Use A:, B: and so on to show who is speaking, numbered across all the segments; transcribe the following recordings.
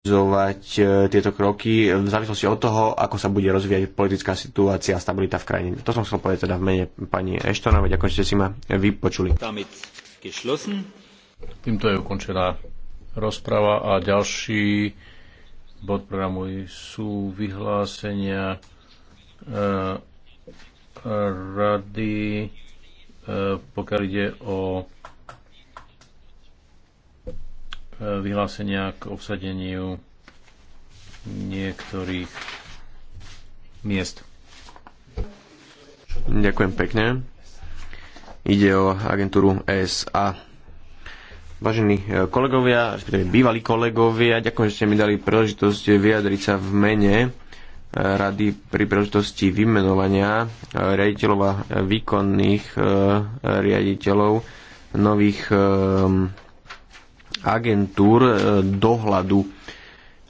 A: realizovať e, tieto kroky v závislosti od toho, ako sa bude rozvíjať politická situácia a stabilita v krajine. To som chcel povedať teda v mene pani Eštonovej. Ďakujem, že ste si ma vypočuli. Týmto je ukončená rozprava a ďalší bod programu sú vyhlásenia e, rady, e, pokiaľ ide o vyhlásenia k obsadeniu niektorých miest. Ďakujem pekne. Ide o agentúru ESA. Vážení e, kolegovia, respektíve bývalí kolegovia, ďakujem, že ste mi dali príležitosť vyjadriť sa v mene e, rady pri príležitosti vymenovania e, riaditeľov a výkonných riaditeľov nových agentúr e, dohľadu.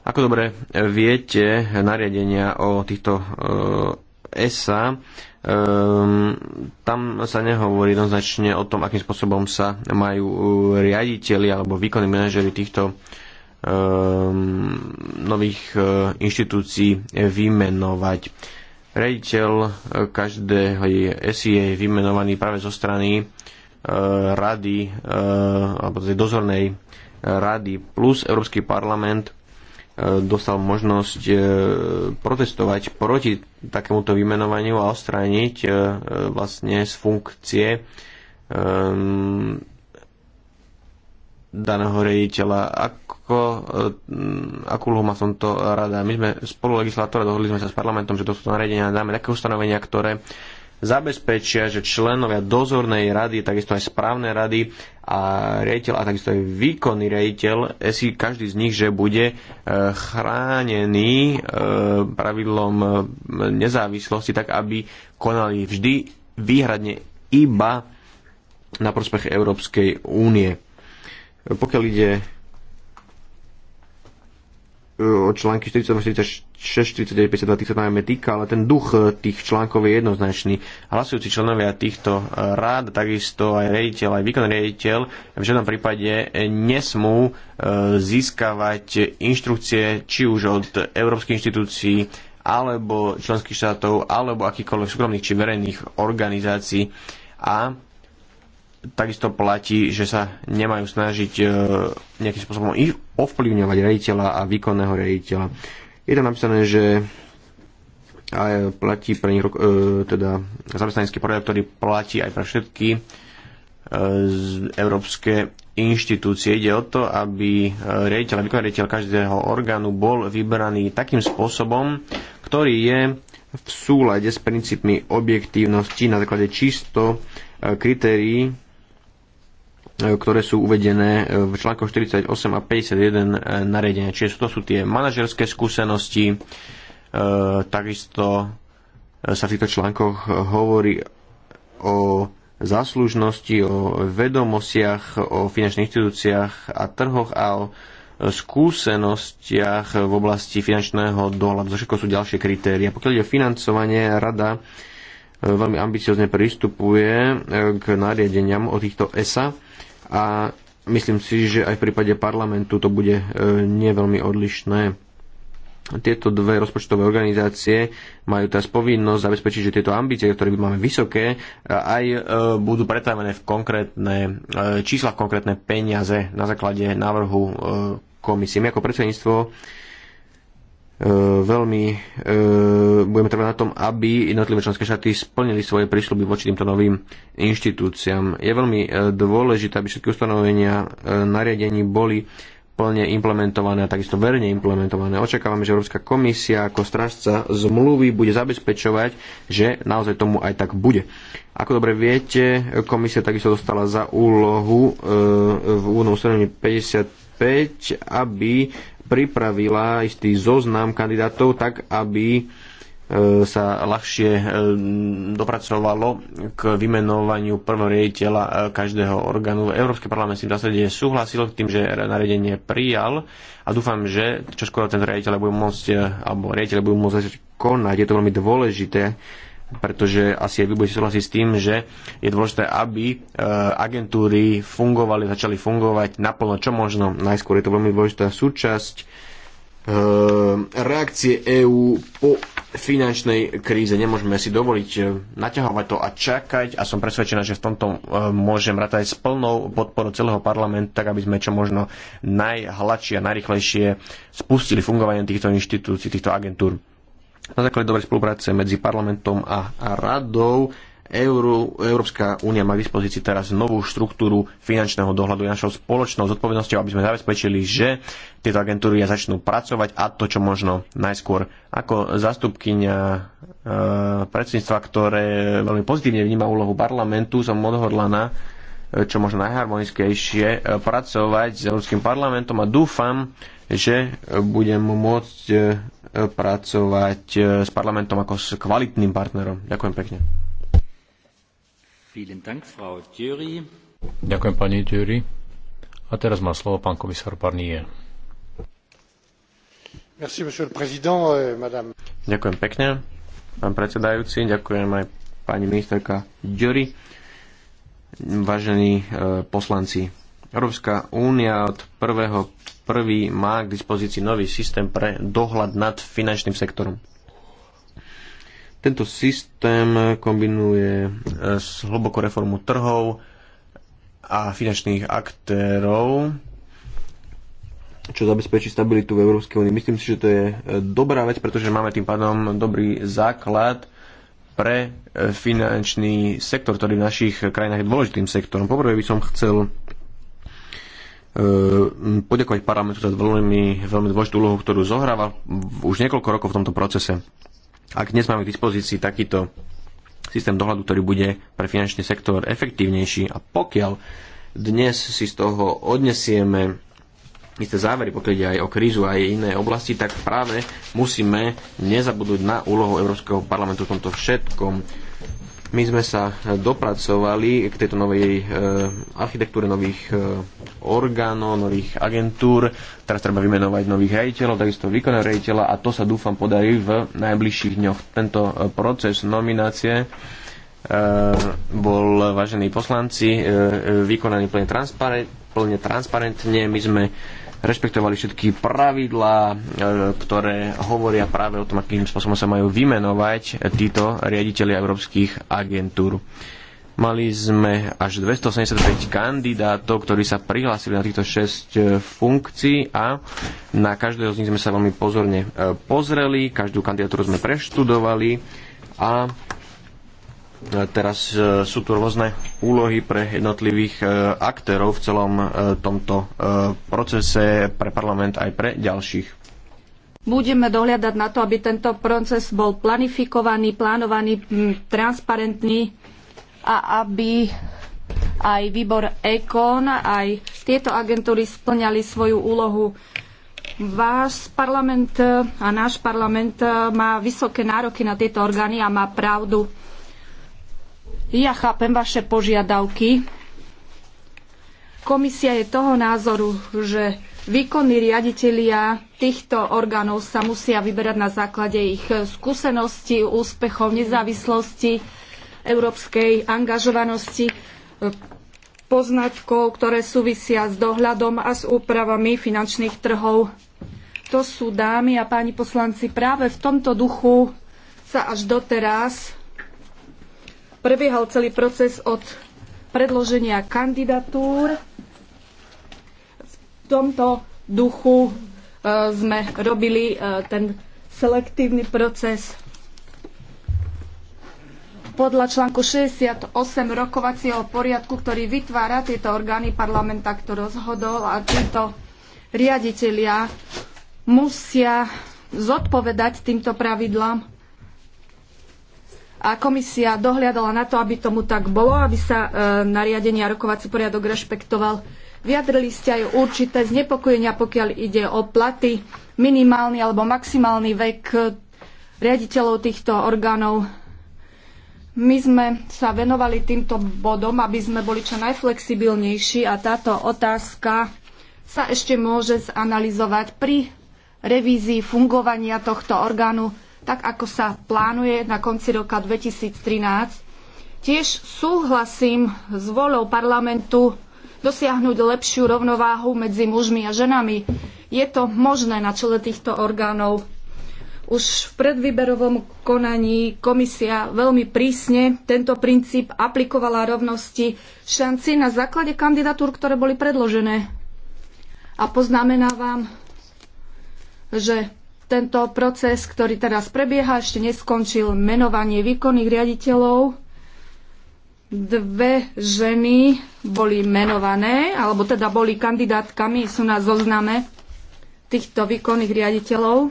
A: Ako dobre viete, nariadenia o týchto ESA, e, tam sa nehovorí jednoznačne o tom, akým spôsobom sa majú e, riaditeľi alebo výkonní manažery týchto nových inštitúcií vymenovať. Riaditeľ každého ESI je vymenovaný práve zo strany rady alebo tej dozornej rady plus Európsky parlament e, dostal možnosť e, protestovať proti takémuto vymenovaniu a odstrániť e, vlastne z funkcie daného riaditeľa. Ako, akú úlohu má v tomto rada? My sme spolu legislátora dohodli sme sa s parlamentom, že to nariadenia dáme také ustanovenia, ktoré zabezpečia, že členovia dozornej rady, takisto aj správnej rady a rejiteľ a takisto aj výkonný rejiteľ, eh, si každý z nich, že bude eh, chránený eh, pravidlom nezávislosti, tak aby konali vždy výhradne iba na prospech Európskej únie. Pokiaľ ide o články 42, 46, 49, 52, tých sa najmä týka, ale ten duch e, tých článkov je jednoznačný. Hlasujúci členovia týchto e, rád, takisto aj riaditeľ, aj výkonný riaditeľ v žiadnom prípade e, nesmú získavať inštrukcie či už od európskych inštitúcií, alebo členských štátov, alebo akýchkoľvek súkromných či verejných organizácií. A takisto platí, že sa nemajú snažiť e, nejakým spôsobom ich ovplyvňovať rejiteľa a výkonného rejiteľa. Je tam napísané, že aj e, platí pre nich, e, teda zamestnanecký poriadok, ktorý platí aj pre všetky európske inštitúcie. Ide o to, aby riaditeľ a výkonný rejiteľ každého orgánu bol vyberaný takým spôsobom, ktorý je v súlade s princípmi objektívnosti na základe čisto kritérií E, ktoré sú uvedené e, v článkoch 48 a 51 e, nariadenia. Čiže to sú tie manažerské skúsenosti, takisto sa v týchto článkoch hovorí o záslužnosti, o vedomostiach, o finančných inštitúciách a trhoch a o skúsenostiach v oblasti finančného dohľadu. všetko sú ďalšie kritéria. Pokiaľ ide o financovanie, rada veľmi ambiciozne pristupuje k nariadeniam o týchto ESA a myslím si, že aj v prípade parlamentu to bude nie veľmi odlišné. Tieto dve rozpočtové organizácie majú teraz povinnosť zabezpečiť, že tieto ambície, ktoré by máme vysoké, e, aj e, budú pretavené v konkrétne e, čísla, v konkrétne peniaze na základe návrhu komisie. My ako predsedníctvo E, veľmi e, budeme trvať na tom, aby jednotlivé členské štáty splnili svoje prísľuby voči týmto novým inštitúciám. Je veľmi e, dôležité, aby všetky ustanovenia nariadení boli plne implementované a takisto verne implementované. Očakávame, že Európska komisia ako stražca zmluvy bude zabezpečovať, že naozaj tomu aj tak bude. Ako dobre viete, komisia takisto dostala za úlohu v úvodnom ustanovení 55, aby pripravila istý zoznam kandidátov tak, aby e, sa ľahšie e, dopracovalo k vymenovaniu prvého riaditeľa e, každého orgánu. Európsky parlament si v zásade súhlasil tým, že nariadenie prijal a dúfam, že čo skoro ten riaditeľ bude môcť, alebo riaditeľ budú môcť začať konať. Je to veľmi dôležité pretože asi aj vy budete súhlasiť s tým, že je dôležité, aby e, agentúry fungovali, začali fungovať naplno čo možno najskôr. Je to veľmi dôležitá súčasť e, reakcie EÚ po finančnej kríze. Nemôžeme si dovoliť e, naťahovať to a čakať a som presvedčená, že v tomto môžem rátať s plnou podporou celého parlamentu, tak aby sme čo možno najhladšie a najrychlejšie spustili fungovanie týchto inštitúcií, týchto agentúr. Na základe dobrej spolupráce medzi parlamentom a, radou Euró, Európska únia má k dispozícii teraz novú štruktúru finančného dohľadu. našou spoločnou zodpovednosťou, aby sme zabezpečili, že tieto agentúry začnú pracovať a to, čo možno najskôr. Ako zastupkyňa e, predsedníctva, ktoré veľmi pozitívne vníma úlohu parlamentu, som odhodlaná e, čo možno najharmonickejšie e, pracovať s Európskym parlamentom a dúfam, že budem môcť e, pracovať e, s parlamentom ako s kvalitným partnerom. Ďakujem pekne. Ďakujem pani Thury. A teraz má slovo pán komisár Barnier. Merci, euh, Ďakujem pekne, pán predsedajúci. Ďakujem aj pani ministerka Dury. Vážení e, poslanci, Európska únia od 1. 1. má k dispozícii nový systém pre dohľad nad finančným sektorom. Tento systém kombinuje e, s hlbokú reformu trhov a finančných aktérov, čo zabezpečí stabilitu v Európskej únii. Myslím si, že to je e, dobrá vec, pretože máme tým pádom dobrý základ pre e, finančný sektor, ktorý v našich krajinách je dôležitým sektorom. Poprvé by som chcel Ehm, poďakovať parlamentu za veľmi, veľmi dôležitú úlohu, ktorú zohráva už niekoľko rokov v tomto procese. Ak dnes máme k dispozícii takýto systém dohľadu, ktorý bude pre finančný sektor efektívnejší a pokiaľ dnes si z toho odnesieme isté závery, pokiaľ ide aj o krízu a aj iné oblasti, tak práve musíme nezabudnúť na úlohu Európskeho parlamentu v tomto všetkom my sme sa dopracovali k tejto novej e, architektúre nových e, orgánov, nových agentúr. Teraz treba vymenovať nových rejiteľov, takisto výkonného rejiteľa a to sa dúfam podarí v najbližších dňoch. Tento e, proces nominácie e, bol, vážení poslanci, e, e, vykonaný plne, transparent, plne transparentne. My sme rešpektovali všetky pravidlá, e, ktoré hovoria práve o tom, akým spôsobom sa majú vymenovať títo riaditeľi európskych agentúr. Mali sme až 285 kandidátov, ktorí sa prihlásili na týchto 6 e, funkcií a na každého z nich sme sa veľmi pozorne e, pozreli, každú kandidatúru sme preštudovali a Teraz e, sú tu rôzne úlohy pre jednotlivých e, aktérov v celom e, tomto procese pre parlament aj pre ďalších.
B: Budeme dohľadať na to, aby tento proces bol planifikovaný, plánovaný, transparentný a aby aj výbor EKON, aj tieto agentúry splňali svoju úlohu. Váš parlament a náš parlament má vysoké nároky na tieto orgány a má pravdu. Ja chápem vaše požiadavky. Komisia je toho názoru, že výkonní riaditelia týchto orgánov sa musia vyberať na základe ich skúseností, úspechov, nezávislosti, európskej angažovanosti, poznatkov, ktoré súvisia s dohľadom a s úpravami finančných trhov. To sú dámy a páni poslanci práve v tomto duchu sa až doteraz prebiehal celý proces od predloženia kandidatúr. V tomto duchu e, sme robili e, ten selektívny proces podľa článku 68 rokovacieho poriadku, ktorý vytvára tieto orgány parlamenta, ktorý rozhodol a títo riaditeľia musia zodpovedať týmto pravidlám a komisia dohliadala na to, aby tomu tak bolo, aby sa e, nariadenie a rokovací poriadok rešpektoval. Vyjadrili ste aj určité znepokojenia, pokiaľ ide o platy, minimálny alebo maximálny vek e, riaditeľov týchto orgánov. My sme sa venovali týmto bodom, aby sme boli čo najflexibilnejší a táto otázka sa ešte môže zanalizovať pri revízii fungovania tohto orgánu tak ako sa plánuje na konci roka 2013. Tiež súhlasím s voľou parlamentu dosiahnuť lepšiu rovnováhu medzi mužmi a ženami. Je to možné na čele týchto orgánov. Už v predvýberovom konaní komisia veľmi prísne tento princíp aplikovala rovnosti šanci na základe kandidatúr, ktoré boli predložené. A poznamenávam, že tento proces, ktorý teraz prebieha, ešte neskončil menovanie výkonných riaditeľov. Dve ženy boli menované, alebo teda boli kandidátkami, sú na zozname týchto výkonných riaditeľov.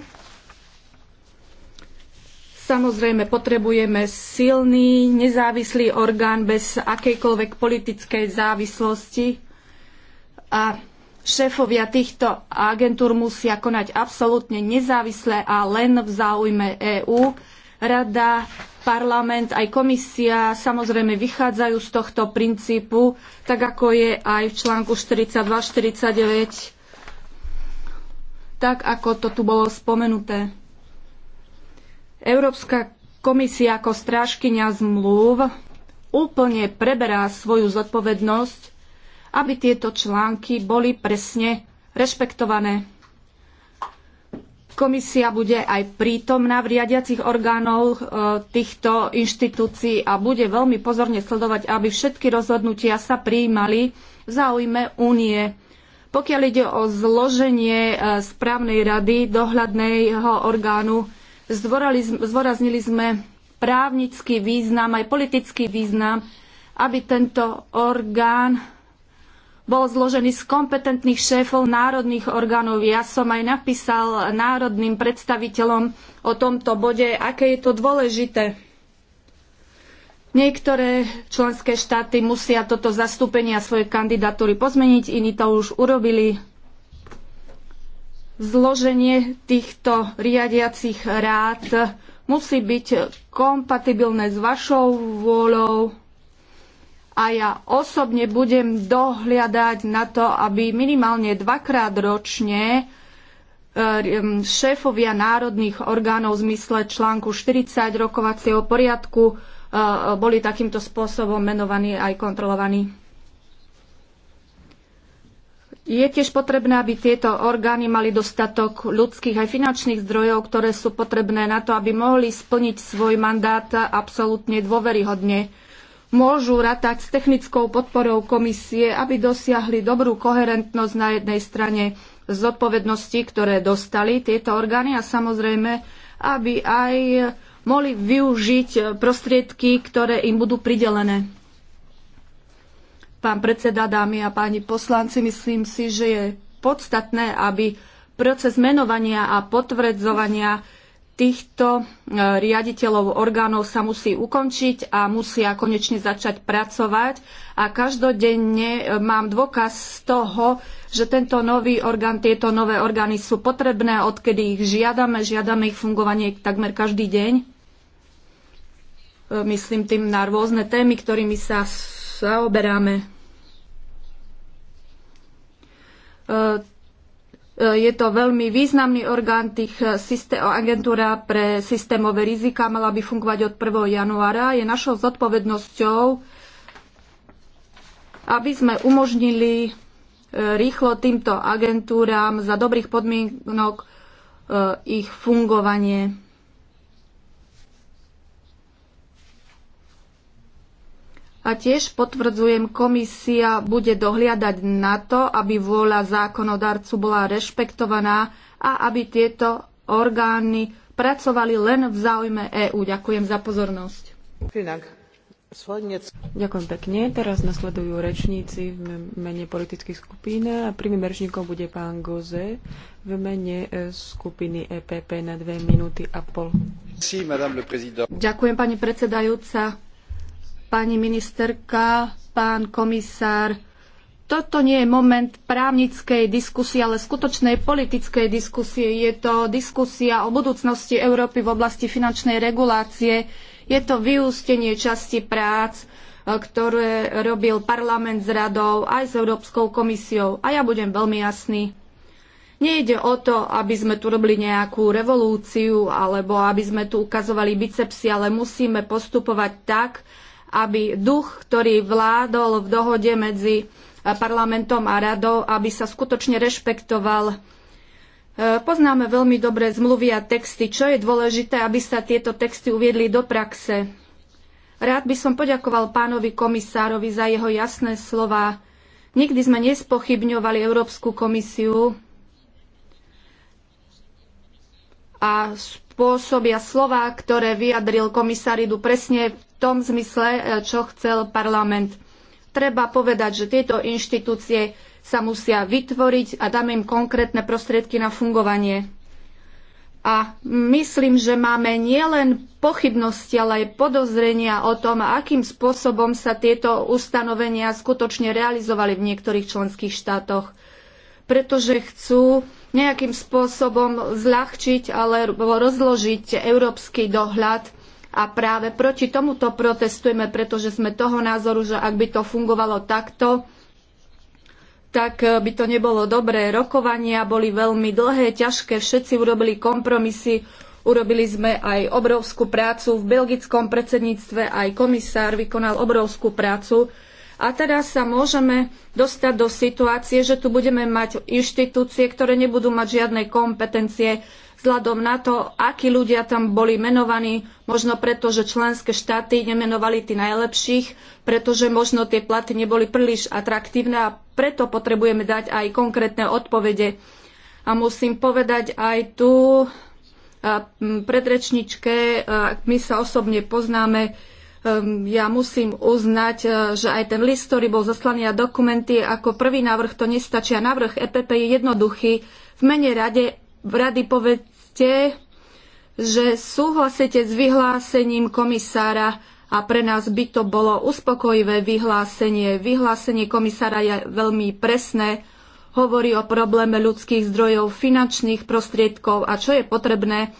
B: Samozrejme, potrebujeme silný, nezávislý orgán bez akejkoľvek politickej závislosti a Šéfovia týchto agentúr musia konať absolútne nezávisle a len v záujme EÚ. Rada, parlament, aj komisia samozrejme vychádzajú z tohto princípu, tak ako je aj v článku 42-49, tak ako to tu bolo spomenuté. Európska komisia ako strážkyňa zmluv úplne preberá svoju zodpovednosť aby tieto články boli presne rešpektované. Komisia bude aj prítomná v riadiacich orgánov e, týchto inštitúcií a bude veľmi pozorne sledovať, aby všetky rozhodnutia sa prijímali v záujme únie. Pokiaľ ide o zloženie e, správnej rady dohľadného orgánu, zdôraznili sme právnický význam, aj politický význam, aby tento orgán bol zložený z kompetentných šéfov národných orgánov. Ja som aj napísal národným predstaviteľom o tomto bode, aké je to dôležité. Niektoré členské štáty musia toto zastúpenie a svoje kandidatúry pozmeniť, iní to už urobili. Zloženie týchto riadiacich rád musí byť kompatibilné s vašou vôľou a ja osobne budem dohliadať na to, aby minimálne dvakrát ročne e, šéfovia národných orgánov v zmysle článku 40 rokovacieho poriadku e, boli takýmto spôsobom menovaní aj kontrolovaní. Je tiež potrebné, aby tieto orgány mali dostatok ľudských aj finančných zdrojov, ktoré sú potrebné na to, aby mohli splniť svoj mandát absolútne dôveryhodne môžu ratať s technickou podporou komisie, aby dosiahli dobrú koherentnosť na jednej strane zodpovednosti, ktoré dostali tieto orgány a samozrejme, aby aj mohli využiť prostriedky, ktoré im budú pridelené. Pán predseda, dámy a páni poslanci, myslím si, že je podstatné, aby proces menovania a potvrdzovania týchto e, riaditeľov orgánov sa musí ukončiť a musia konečne začať pracovať. A každodenne e, mám dôkaz z toho, že tento nový orgán, tieto nové orgány sú potrebné, odkedy ich žiadame, žiadame ich fungovanie takmer každý deň. E, myslím tým na rôzne témy, ktorými sa zaoberáme Eh, je to veľmi významný orgán tých eh, agentúra pre systémové rizika, mala by fungovať od 1. januára. Je našou zodpovednosťou, aby sme umožnili eh, rýchlo týmto agentúram za dobrých podmienok ich fungovanie. A tiež potvrdzujem, komisia bude dohliadať na to, aby vôľa zákonodarcu bola rešpektovaná a aby tieto orgány pracovali len v záujme EÚ. Ďakujem za pozornosť.
C: Ďakujem pekne. Teraz nasledujú rečníci v mene politických skupín a prvým rečníkom bude pán Goze v mene e, skupiny EPP na dve minúty a pol. Ďakujem pani predsedajúca
B: pani ministerka, pán komisár, toto nie je moment právnickej diskusie, ale skutočnej politickej diskusie. Je to diskusia o budúcnosti Európy v oblasti finančnej regulácie. Je to vyústenie časti prác, e, ktoré robil parlament s radou aj s Európskou komisiou. A ja budem veľmi jasný. Nejde o to, aby sme tu robili nejakú revolúciu alebo aby sme tu ukazovali bicepsy, ale musíme postupovať tak, aby duch, ktorý vládol v dohode medzi e, parlamentom a radou, aby sa skutočne rešpektoval. E, poznáme veľmi dobre zmluvy a texty, čo je dôležité, aby sa tieto texty uviedli do praxe. Rád by som poďakoval pánovi komisárovi za jeho jasné slova. Nikdy sme nespochybňovali Európsku komisiu a spôsobia slova, ktoré vyjadril komisár, idú presne v tom zmysle, e, čo chcel parlament. Treba povedať, že tieto inštitúcie sa musia vytvoriť a dáme im konkrétne prostriedky na fungovanie. A myslím, že máme nielen pochybnosti, ale aj podozrenia o tom, akým spôsobom sa tieto ustanovenia skutočne realizovali v niektorých členských štátoch. Pretože chcú nejakým spôsobom zľahčiť alebo rozložiť európsky dohľad a práve proti tomuto protestujeme, pretože sme toho názoru, že ak by to fungovalo takto, tak e, by to nebolo dobré. Rokovania boli veľmi dlhé, ťažké, všetci urobili kompromisy, urobili sme aj obrovskú prácu v belgickom predsedníctve, aj komisár vykonal obrovskú prácu a teraz sa môžeme dostať do situácie, že tu budeme mať inštitúcie, ktoré nebudú mať žiadne kompetencie vzhľadom na to, akí ľudia tam boli menovaní, možno preto, že členské štáty nemenovali tí najlepších, pretože možno tie platy neboli príliš atraktívne a preto potrebujeme dať aj konkrétne odpovede. A musím povedať aj tu, predrečničke, my sa osobne poznáme, Ehm, ja musím uznať, eh, že aj ten list, ktorý bol zaslaný a dokumenty ako prvý návrh, to nestačí. A návrh EPP je jednoduchý. V mene rade, rady povedzte, že súhlasíte s vyhlásením komisára a pre nás by to bolo uspokojivé vyhlásenie. Vyhlásenie komisára je veľmi presné, hovorí o probléme ľudských zdrojov, finančných prostriedkov a čo je potrebné,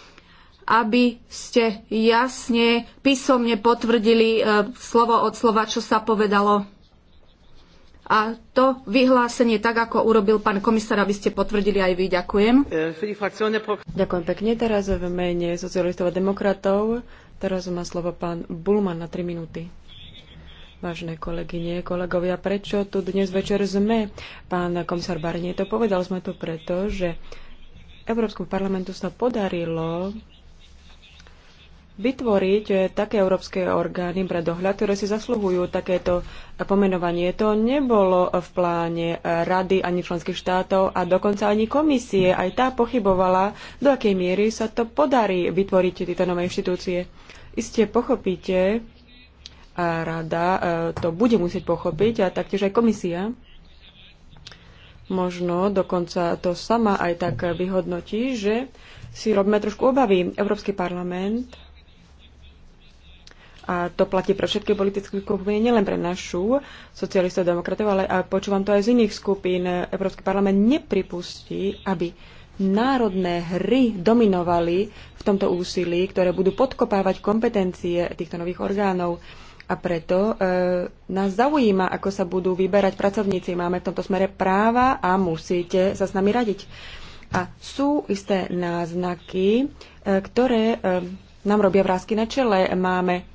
B: aby ste jasne písomne potvrdili e, slovo od slova, čo sa povedalo. A to vyhlásenie, tak ako urobil
C: pán komisár, aby ste potvrdili aj vy. Ďakujem. Ďakujem pekne. Teraz v mene socialistov a demokratov. Teraz má slovo pán Bulman na 3 minúty. Vážne kolegyne, kolegovia, prečo tu dnes večer sme? Pán komisár Barnier to povedal sme to preto, že Európskom parlamentu sa podarilo vytvoriť eh, také európske orgány pre dohľad, ktoré si zasluhujú takéto pomenovanie. To nebolo v pláne rady ani členských štátov a dokonca ani komisie. Aj tá pochybovala, do akej miery sa to podarí vytvoriť tieto nové inštitúcie. Isté pochopíte, a rada eh, to bude musieť pochopiť a taktiež aj komisia. Možno dokonca to sama aj tak vyhodnotí, že si robíme trošku obavy. Európsky parlament a to platí pre všetky politické skupiny, nielen pre našu, socialistov a demokratov, ale a počúvam to aj z iných skupín. Európsky parlament nepripustí, aby národné hry dominovali v tomto úsilí, ktoré budú podkopávať kompetencie týchto nových orgánov. A preto e, nás zaujíma, ako sa budú vyberať pracovníci. Máme v tomto smere práva a musíte sa s nami radiť. A sú isté náznaky, e, ktoré e, nám robia vrázky na čele. Máme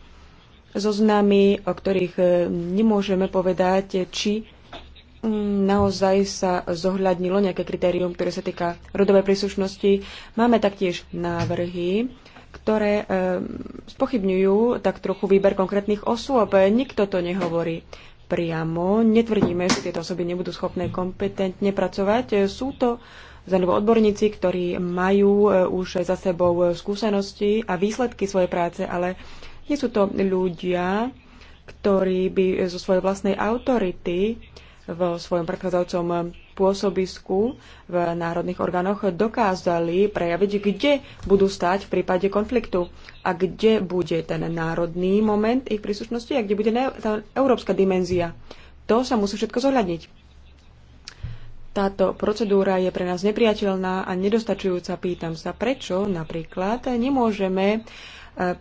C: zoznamy, o ktorých e, nemôžeme povedať, či mm, naozaj sa zohľadnilo nejaké kritérium, ktoré sa týka rodovej príslušnosti. Máme taktiež návrhy, ktoré e, spochybňujú tak trochu výber konkrétnych osôb. Nikto to nehovorí priamo. Netvrdíme, že tieto osoby nebudú schopné kompetentne pracovať. Sú to zanovo odborníci, ktorí majú e, už za sebou skúsenosti a výsledky svojej práce, ale nie sú to ľudia, ktorí by zo svojej vlastnej autority vo svojom predchádzajúcom pôsobisku v národných orgánoch dokázali prejaviť, kde budú stať v prípade konfliktu a kde bude ten národný moment ich príslušnosti a kde bude tá európska dimenzia. To sa musí všetko zohľadniť. Táto procedúra je pre nás nepriateľná a nedostačujúca. Pýtam sa, prečo napríklad nemôžeme eh,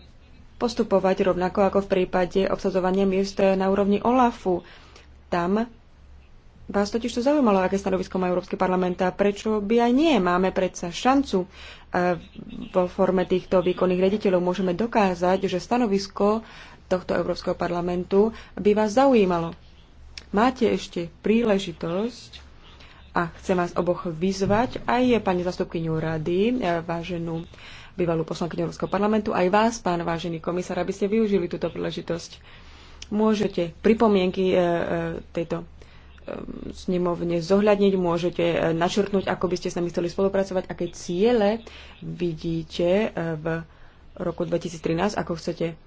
C: postupovať rovnako ako v prípade obsadzovania miest na úrovni OLAFu. Tam vás totiž to zaujímalo, aké stanovisko má Európsky parlament a prečo by aj nie. Máme predsa šancu e, vo forme týchto výkonných rediteľov. Môžeme dokázať, že stanovisko tohto Európskeho parlamentu by vás zaujímalo. Máte ešte príležitosť a chcem vás oboch vyzvať aj pani zastupkyňu rady, e, váženú bývalú poslankyňu Európskeho parlamentu, aj vás, pán vážený komisár, aby ste využili túto príležitosť. Môžete pripomienky e, e, tejto e, snemovne zohľadniť, môžete načrtnúť, ako by ste s nami chceli spolupracovať, aké ciele vidíte v roku 2013, ako chcete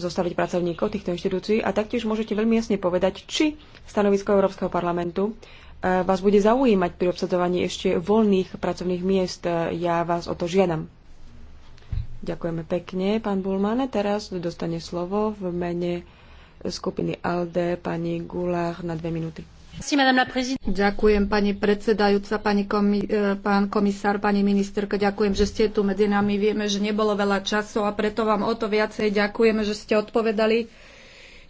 C: zostaviť pracovníkov týchto inštitúcií a taktiež môžete veľmi jasne povedať, či stanovisko Európskeho parlamentu vás bude zaujímať pri obsadzovaní ešte voľných pracovných miest. Ja vás o to žiadam. Ďakujeme pekne, pán Bulmane. Teraz dostane slovo v mene skupiny ALDE pani Gulách na dve minúty.
B: Ďakujem pani predsedajúca, pani komi- e, pán komisár, pani ministerka, ďakujem, že ste tu medzi nami. Vieme, že nebolo veľa času a preto vám o to viacej ďakujeme, že ste odpovedali.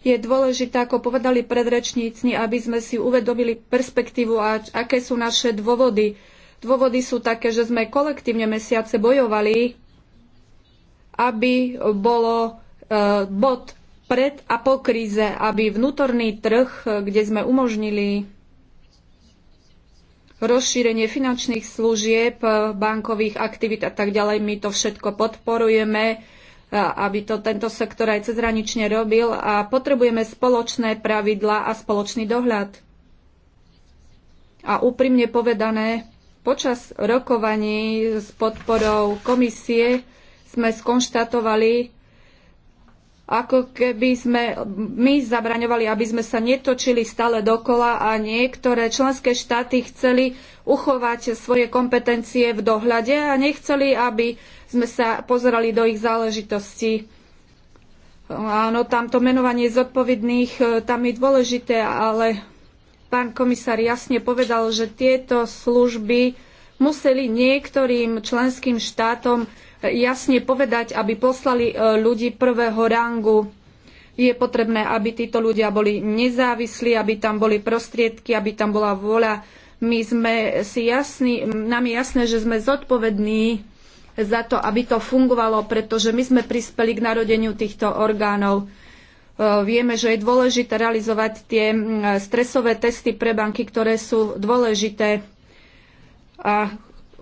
B: Je dôležité, ako povedali predrečníci, aby sme si uvedomili perspektívu a aké sú naše dôvody. Dôvody sú také, že sme kolektívne mesiace bojovali aby bolo e, bod pred a po kríze, aby vnútorný trh, e, kde sme umožnili rozšírenie finančných služieb, e, bankových aktivít a tak ďalej. My to všetko podporujeme, aby to tento sektor aj cezhranične robil a potrebujeme spoločné pravidlá a spoločný dohľad. A úprimne povedané, počas rokovaní s podporou komisie sme skonštatovali, ako keby sme my zabraňovali, aby sme sa netočili stále dokola a niektoré členské štáty chceli uchovať svoje kompetencie v dohľade a nechceli, aby sme sa pozerali do ich záležitostí. Áno, tamto menovanie zodpovedných e, tam je dôležité, ale pán komisár jasne povedal, že tieto služby museli niektorým členským štátom jasne povedať, aby poslali e, ľudí prvého rangu. Je potrebné, aby títo ľudia boli nezávislí, aby tam boli prostriedky, aby tam bola vôľa. My sme si jasní, nám je jasné, že sme zodpovední za to, aby to fungovalo, pretože my sme prispeli k narodeniu týchto orgánov. E, vieme, že je dôležité realizovať tie stresové testy pre banky, ktoré sú dôležité. A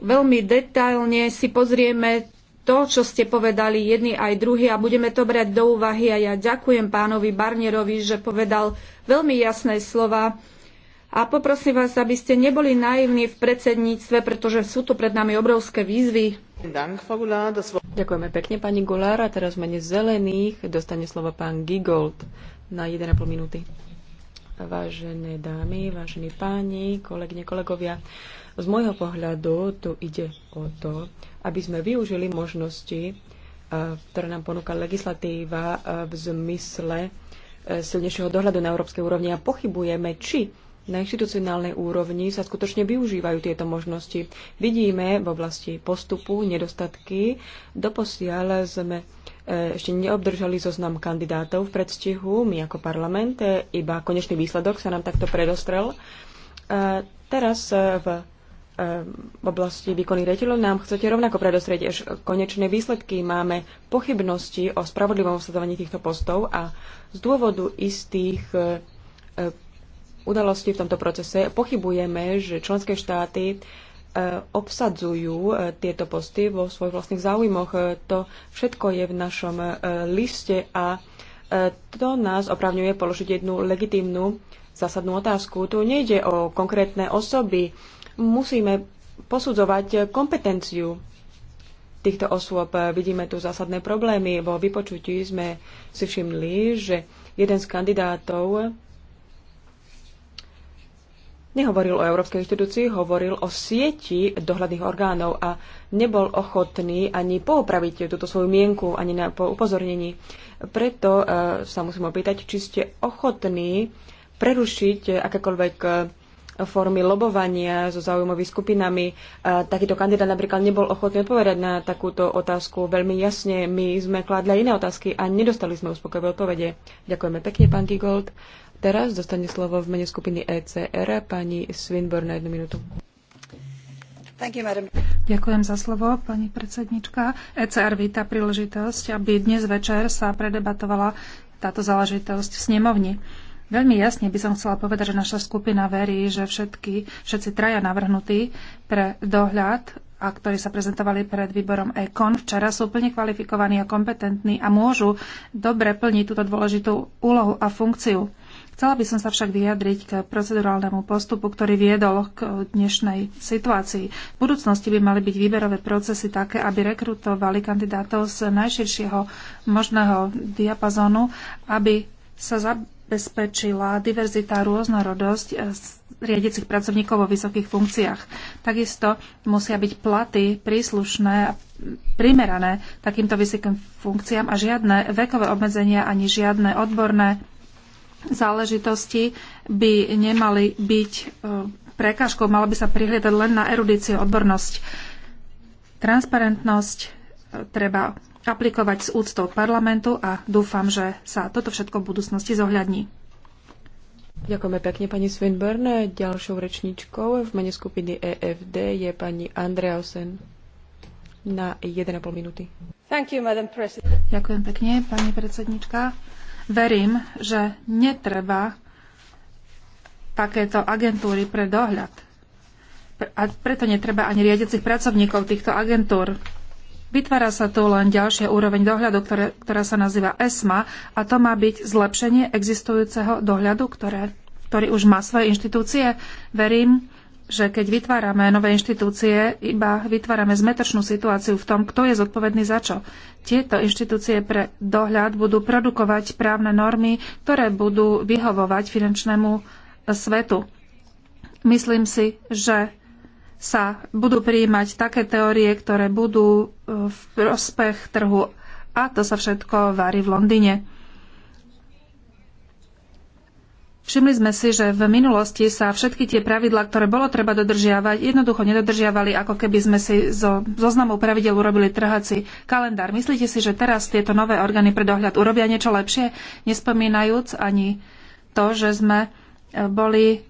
B: veľmi detailne si pozrieme to, čo ste povedali jedni aj druhý a budeme to brať do úvahy a ja ďakujem pánovi Barnierovi, že povedal veľmi jasné slova a poprosím vás, aby
C: ste neboli naivní v predsedníctve, pretože sú tu pred nami obrovské výzvy. Ďakujeme pekne, pani Gulára. Teraz mene zelených dostane slovo pán Gigold na 1,5 minúty. Vážené dámy, vážení páni, kolegyne, kolegovia, z môjho pohľadu tu ide o to, aby sme využili možnosti, eh, ktoré nám ponúka legislatíva eh, v zmysle eh, silnejšieho dohľadu na európskej úrovni a pochybujeme, či na inštitucionálnej úrovni sa skutočne využívajú tieto možnosti. Vidíme v oblasti postupu nedostatky. Doposiaľ sme ešte neobdržali zoznam kandidátov v predstihu, my ako parlament, iba konečný výsledok sa nám takto predostrel. Teraz v v oblasti výkonných rejiteľov nám chcete rovnako predostrieť až konečné výsledky. Máme pochybnosti o spravodlivom obsadzovaní týchto postov a z dôvodu istých e, e, udalostí v tomto procese pochybujeme, že členské štáty e, obsadzujú tieto posty vo svojich vlastných záujmoch. To všetko je v našom liste a to nás opravňuje položiť jednu legitímnu zásadnú otázku. Tu nejde o konkrétne osoby, musíme posudzovať kompetenciu týchto osôb. Vidíme tu zásadné problémy. Vo vypočutí sme si všimli, že jeden z kandidátov nehovoril o Európskej inštitúcii, hovoril o sieti dohľadných orgánov a nebol ochotný ani poupraviť túto svoju mienku, ani na, po upozornení. Preto e, sa musím opýtať, či ste ochotní prerušiť akékoľvek formy lobovania so záujmovými skupinami. Takýto kandidát napríklad nebol ochotný odpovedať na takúto otázku veľmi jasne. My sme kladli iné otázky a nedostali sme uspokojivé odpovede. Ďakujeme pekne, pán Gigold. Teraz dostane slovo v mene skupiny ECR pani Swinburne na jednu minútu.
D: You, Ďakujem za slovo, pani predsednička. ECR víta príležitosť, aby dnes večer sa predebatovala táto záležitosť v snemovni. Veľmi jasne by som chcela povedať, že naša skupina verí, že všetky, všetci traja navrhnutí pre dohľad a ktorí sa prezentovali pred výborom EKON včera, sú plne kvalifikovaní a kompetentní a môžu dobre plniť túto dôležitú úlohu a funkciu. Chcela by som sa však vyjadriť k procedurálnemu postupu, ktorý viedol k dnešnej situácii. V budúcnosti by mali byť výberové procesy také, aby rekrutovali kandidátov z najširšieho možného diapazónu, aby sa za zabezpečila diverzita a rôznorodosť e, riadiacich pracovníkov vo vysokých funkciách. Takisto musia byť platy príslušné a primerané takýmto vysokým funkciám a žiadne vekové obmedzenia ani žiadne odborné záležitosti by nemali byť e, prekážkou, malo by sa prihliadať len na erudíciu, odbornosť. Transparentnosť treba aplikovať s úctou parlamentu a dúfam, že sa toto všetko v
C: budúcnosti zohľadní. Ďakujeme pekne pani Swinburne. Ďalšou rečníčkou v mene skupiny EFD je pani Andreasen na 1,5 minúty. You, Ďakujem pekne, pani predsednička. Verím,
D: že netreba takéto agentúry pre dohľad. A preto netreba ani riadiacich pracovníkov týchto agentúr Vytvára sa tu len ďalšia úroveň dohľadu, ktoré, ktorá sa nazýva ESMA a to má byť zlepšenie existujúceho dohľadu, ktoré, ktorý už má svoje inštitúcie. Verím, že keď vytvárame nové inštitúcie, iba vytvárame zmetočnú situáciu v tom, kto je zodpovedný za čo. Tieto inštitúcie pre dohľad budú produkovať právne normy, ktoré budú vyhovovať finančnému svetu. Myslím si, že sa budú prijímať také teórie, ktoré budú e, v prospech trhu. A to sa všetko varí v Londýne. Všimli sme si, že v minulosti sa všetky tie pravidlá, ktoré bolo treba dodržiavať, jednoducho nedodržiavali, ako keby sme si zo zoznamov pravidel urobili trhací kalendár. Myslíte si, že teraz tieto nové orgány pre dohľad urobia niečo lepšie, nespomínajúc ani to, že sme e, boli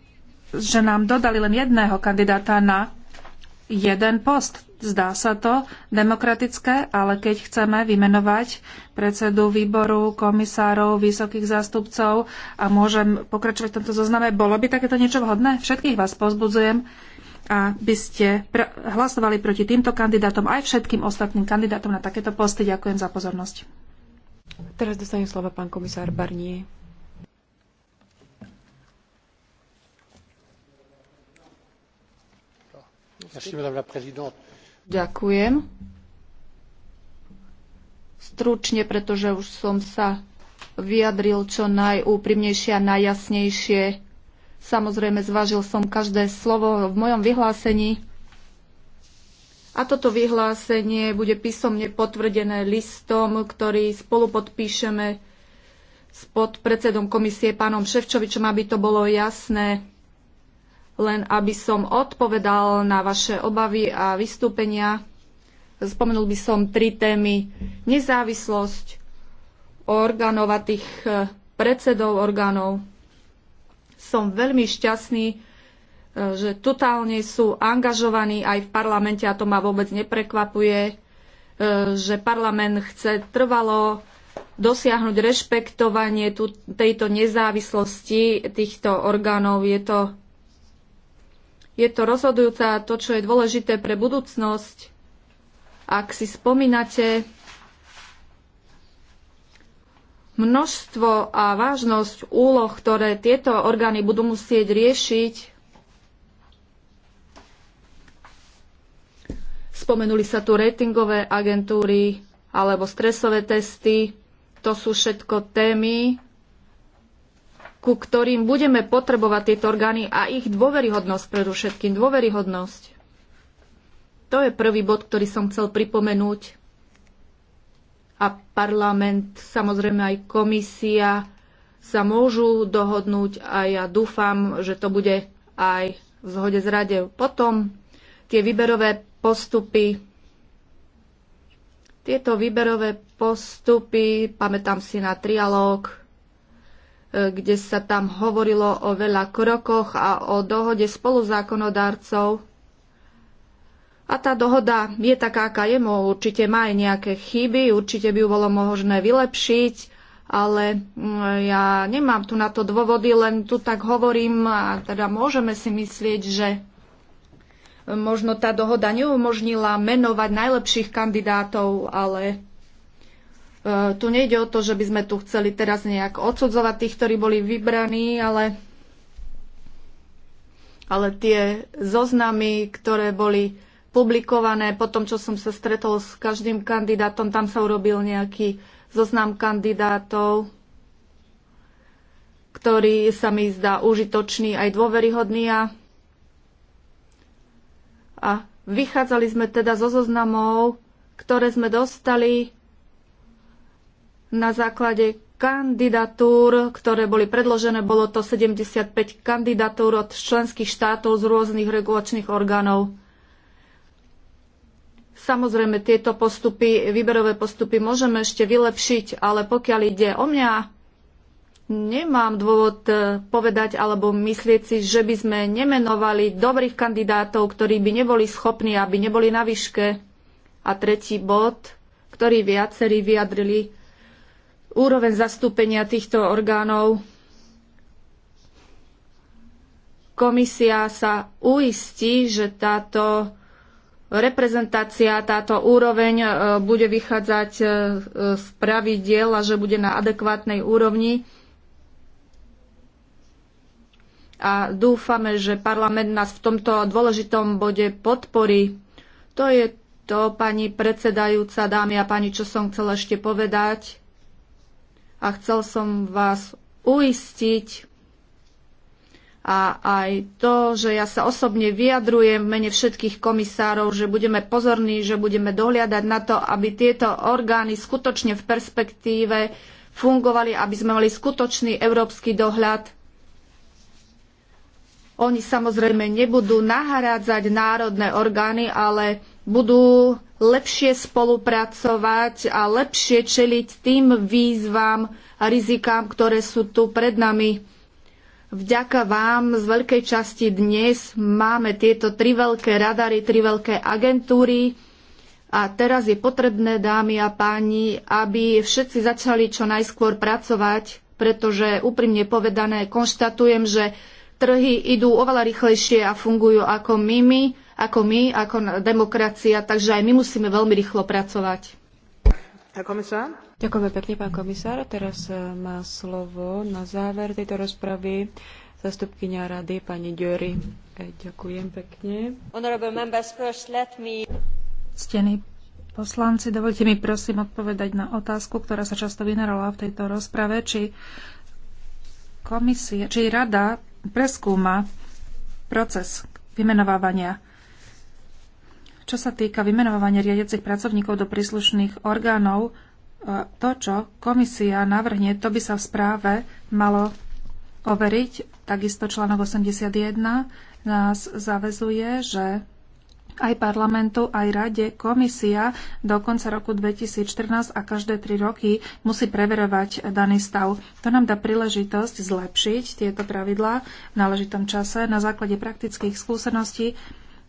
D: že nám dodali len jedného kandidáta na jeden post. Zdá sa to demokratické, ale keď chceme vymenovať predsedu výboru, komisárov, vysokých zástupcov a môžem pokračovať v tomto zozname, bolo by takéto niečo vhodné? Všetkých vás pozbudzujem, aby ste pr- hlasovali proti týmto kandidátom aj všetkým ostatným kandidátom na takéto posty. Ďakujem za pozornosť.
C: Teraz dostanem slova pán komisár Barnier.
B: Ďakujem. Stručne, pretože už som sa vyjadril čo najúprimnejšie a najjasnejšie. Samozrejme, zvažil som každé slovo v mojom vyhlásení. A toto vyhlásenie bude písomne potvrdené listom, ktorý spolu podpíšeme s podpredsedom komisie pánom Ševčovičom, aby to bolo jasné len aby som odpovedal na vaše obavy a vystúpenia. Spomenul by som tri témy. Nezávislosť orgánov a tých eh, predsedov orgánov. Som veľmi šťastný, eh, že totálne sú angažovaní aj v parlamente a to ma vôbec neprekvapuje, eh, že parlament chce trvalo dosiahnuť rešpektovanie tejto nezávislosti týchto orgánov. Je to je to rozhodujúca to, čo je dôležité pre budúcnosť. Ak si spomínate, množstvo a vážnosť úloh, ktoré tieto orgány budú musieť riešiť. Spomenuli sa tu ratingové agentúry alebo stresové testy. To sú všetko témy, ku ktorým budeme potrebovať tieto orgány a ich dôveryhodnosť predovšetkým. Dôveryhodnosť. To je prvý bod, ktorý som chcel pripomenúť. A parlament, samozrejme aj komisia sa môžu dohodnúť a ja dúfam, že to bude aj v zhode s rade. Potom tie výberové postupy. Tieto výberové postupy, pamätám si na trialóg, E, kde sa tam hovorilo o veľa krokoch a o dohode spoluzákonodárcov. A tá dohoda je taká, aká je, určite má aj nejaké chyby, určite by ju bolo možné vylepšiť, ale mm, ja nemám tu na to dôvody, len tu tak hovorím a teda môžeme si myslieť, že e, možno tá dohoda neumožnila menovať najlepších kandidátov, ale E, tu nejde o to, že by sme tu chceli teraz nejak odsudzovať tých, ktorí boli vybraní, ale, ale tie zoznamy, ktoré boli publikované, po tom, čo som sa stretol s každým kandidátom, tam sa urobil nejaký zoznam kandidátov, ktorý sa mi zdá užitočný aj dôveryhodný a, a vychádzali sme teda zo zoznamov, ktoré sme dostali na základe kandidatúr, ktoré boli predložené, bolo to 75 kandidatúr od členských štátov z rôznych regulačných orgánov. Samozrejme, tieto postupy, výberové postupy môžeme ešte vylepšiť, ale pokiaľ ide o mňa, nemám dôvod e, povedať alebo myslieť si, že by sme nemenovali dobrých kandidátov, ktorí by neboli schopní, aby neboli na výške. A tretí bod, ktorý viacerí vyjadrili, úroveň zastúpenia týchto orgánov. Komisia sa uistí, že táto reprezentácia, táto úroveň e, bude vychádzať e, z pravidiel a že bude na adekvátnej úrovni a dúfame, že parlament nás v tomto dôležitom bode podporí. To je to, pani predsedajúca, dámy a pani, čo som chcela ešte povedať a chcel som vás uistiť a aj to, že ja sa osobne vyjadrujem v mene všetkých komisárov, že budeme pozorní, že budeme dohliadať na to, aby tieto orgány skutočne v perspektíve fungovali, aby sme mali skutočný európsky dohľad. Oni samozrejme nebudú nahrádzať národné orgány, ale budú lepšie spolupracovať a lepšie čeliť tým výzvam a rizikám, ktoré sú tu pred nami. Vďaka vám z veľkej časti dnes máme tieto tri veľké radary, tri veľké agentúry a teraz je potrebné, dámy a páni, aby všetci začali čo najskôr pracovať, pretože úprimne povedané konštatujem, že trhy idú oveľa rýchlejšie a fungujú ako my. my ako my, ako demokracia, takže aj my musíme veľmi rýchlo pracovať.
C: Ďakujeme pekne, pán komisár. Teraz e, má slovo na záver tejto rozpravy zastupkynia rady, pani ďury. E, ďakujem pekne. Ctení poslanci,
D: dovolte mi prosím odpovedať na otázku, ktorá sa často vynarala v tejto rozprave, či komisia či rada preskúma proces vymenovávania čo sa týka vymenovania riadiacich pracovníkov do príslušných orgánov, e, to, čo komisia navrhne, to by sa v správe malo overiť. Takisto článok 81 nás zavezuje, že aj parlamentu, aj rade, komisia do konca roku 2014 a každé tri roky musí preverovať daný stav. To nám dá príležitosť zlepšiť tieto pravidlá v náležitom čase na základe praktických skúseností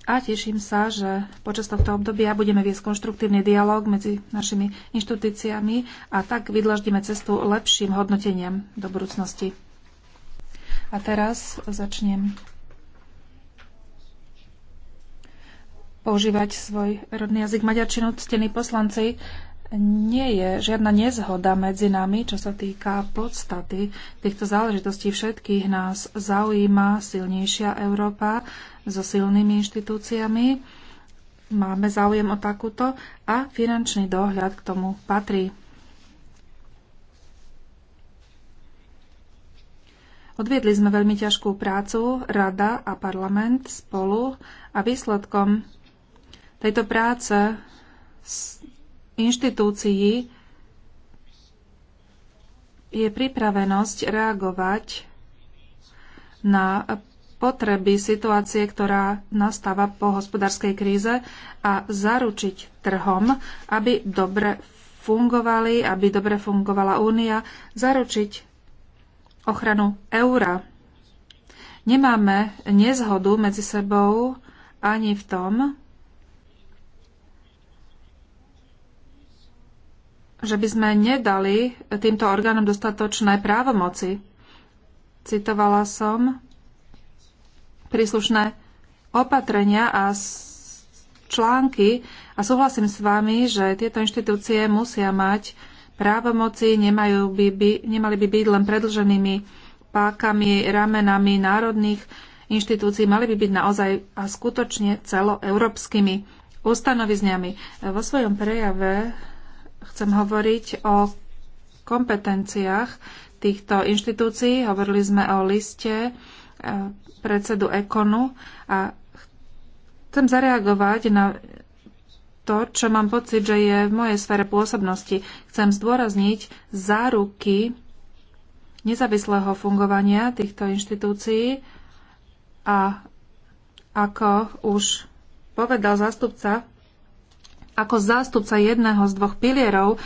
D: a teším sa, že počas tohto obdobia budeme viesť konštruktívny dialog medzi našimi inštitúciami a tak vydlaždíme cestu lepším hodnoteniam do budúcnosti. A teraz začnem používať svoj rodný jazyk maďarčinu. Ctení poslanci, nie je žiadna nezhoda medzi nami, čo sa týka podstaty týchto záležitostí. Všetkých nás zaujíma silnejšia Európa so silnými inštitúciami. Máme záujem o takúto a finančný dohľad k tomu patrí. Odviedli sme veľmi ťažkú prácu, rada a parlament spolu a výsledkom tejto práce inštitúcií je pripravenosť reagovať na potreby situácie, ktorá nastáva po hospodárskej kríze a zaručiť trhom, aby dobre fungovali, aby dobre fungovala únia, zaručiť ochranu eura. Nemáme nezhodu medzi sebou ani v tom, že by sme nedali týmto orgánom dostatočné právomoci. Citovala som príslušné opatrenia a články a súhlasím s vami, že tieto inštitúcie musia mať právomoci, nemajú by, by, nemali by byť len predlženými pákami, ramenami národných inštitúcií, mali by byť naozaj a skutočne celoeurópskymi ustanovizňami. Vo svojom prejave chcem hovoriť o kompetenciách týchto inštitúcií. Hovorili sme o liste e, predsedu Ekonu a chcem zareagovať na to, čo mám pocit, že je v mojej sfére pôsobnosti. Chcem zdôrazniť záruky nezávislého fungovania týchto inštitúcií a ako už povedal zástupca ako zástupca jedného z dvoch pilierov e,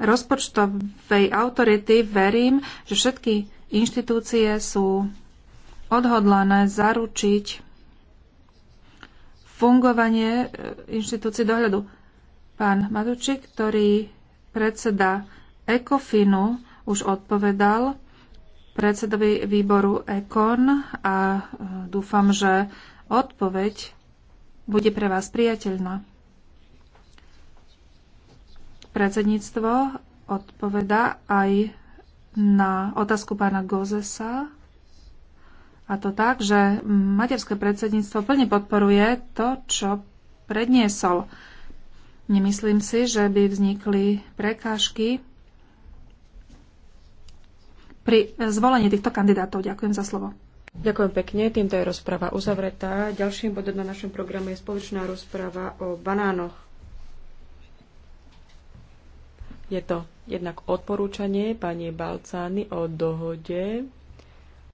D: rozpočtovej autority verím, že všetky inštitúcie sú odhodlané zaručiť fungovanie e, inštitúcií dohľadu. Pán Matuči, ktorý predseda ECOFINu, už odpovedal predsedovi výboru ECON a e, dúfam, že odpoveď bude pre vás priateľná. Predsedníctvo odpoveda aj na otázku pána Gozesa, a to tak, že materské predsedníctvo plne podporuje to, čo predniesol. Nemyslím si, že by vznikli prekážky
C: pri zvolení týchto kandidátov. Ďakujem za slovo. Ďakujem pekne, týmto je rozprava uzavretá. Ďalším bodom na našom programe je spoločná rozprava o banánoch. Je to jednak odporúčanie pani Balcány o dohode